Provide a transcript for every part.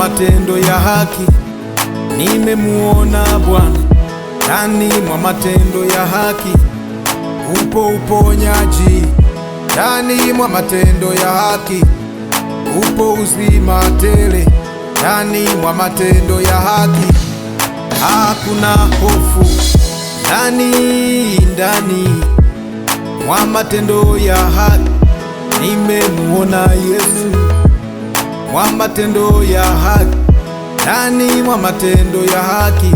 matendo ya haki, nimemuona Bwana ndani mwa matendo ya haki, upo uponyaji ndani mwa matendo ya haki, upo uzima tele ndani mwa matendo ya haki, hakuna hofu ndani ndani mwa matendo ya haki, nimemuona Yesu mwa matendo ya haki, ndani mwa matendo ya haki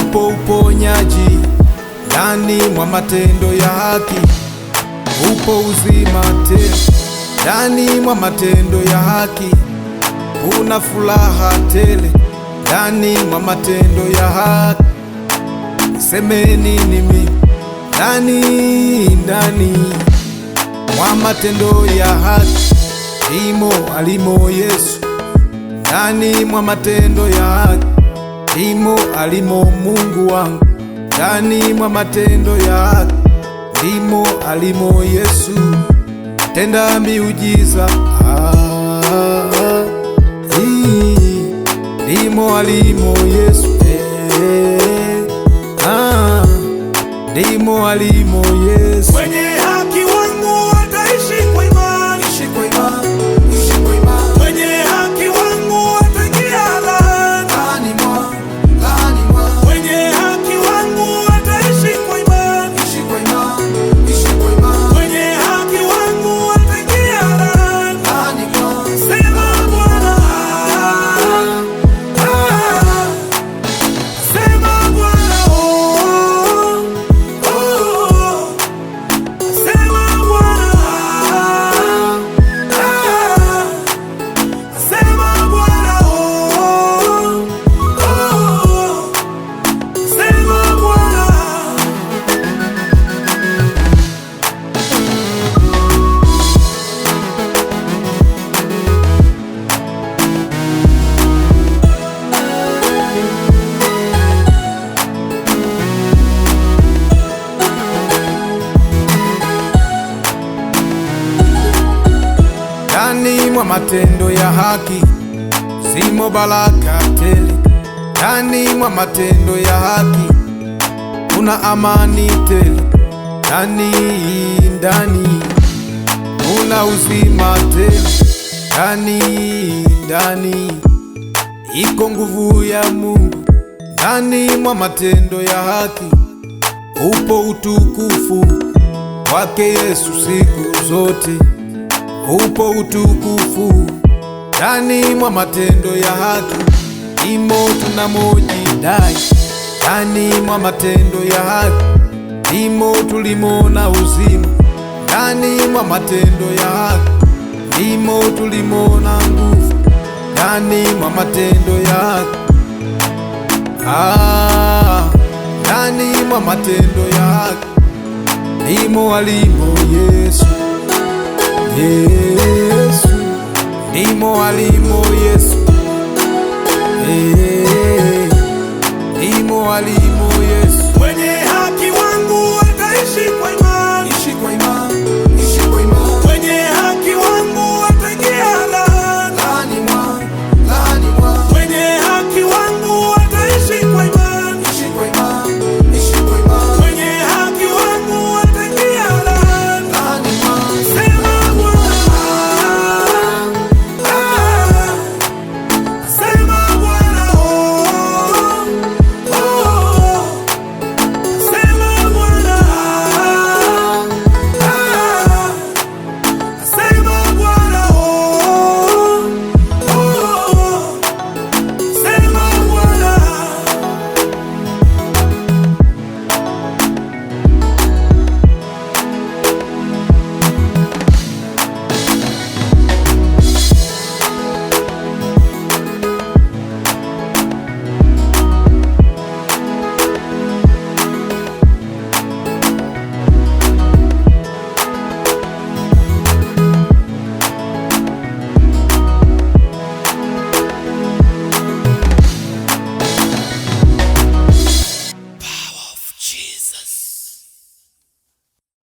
upo uponyaji, ndani mwa matendo ya haki upo uzima tele, ndani mwa matendo ya haki kuna furaha tele, ndani mwa matendo ya haki semeni nimi ndani ndani mwa matendo ya haki Imo alimo Yesu ndani mwa matendo yake, imo alimo Mungu wangu ndani mwa matendo yake, imo alimo Yesu tenda miujiza mwa matendo ya haki zimo baraka tele. Ndani mwa matendo ya haki kuna amani tele. Ndani ndani kuna uzima tele. Ndani ndani iko nguvu ya Mungu. Ndani mwa matendo ya haki upo utukufu wake Yesu siku zote upo utukufu ndani mwa matendo ya haki, imo tunamojidai ndani mwa matendo ya haki, imo tulimona uzima ndani mwa matendo ya haki, imo tulimona nguvu ndani mwa matendo ya haki ah, ndani mwa matendo ya haki, imo alimo Yesu Yesu ndimo alimo, Yesu ndimo alimo, Yesu mwenye haki wangu ataishi kwa imani.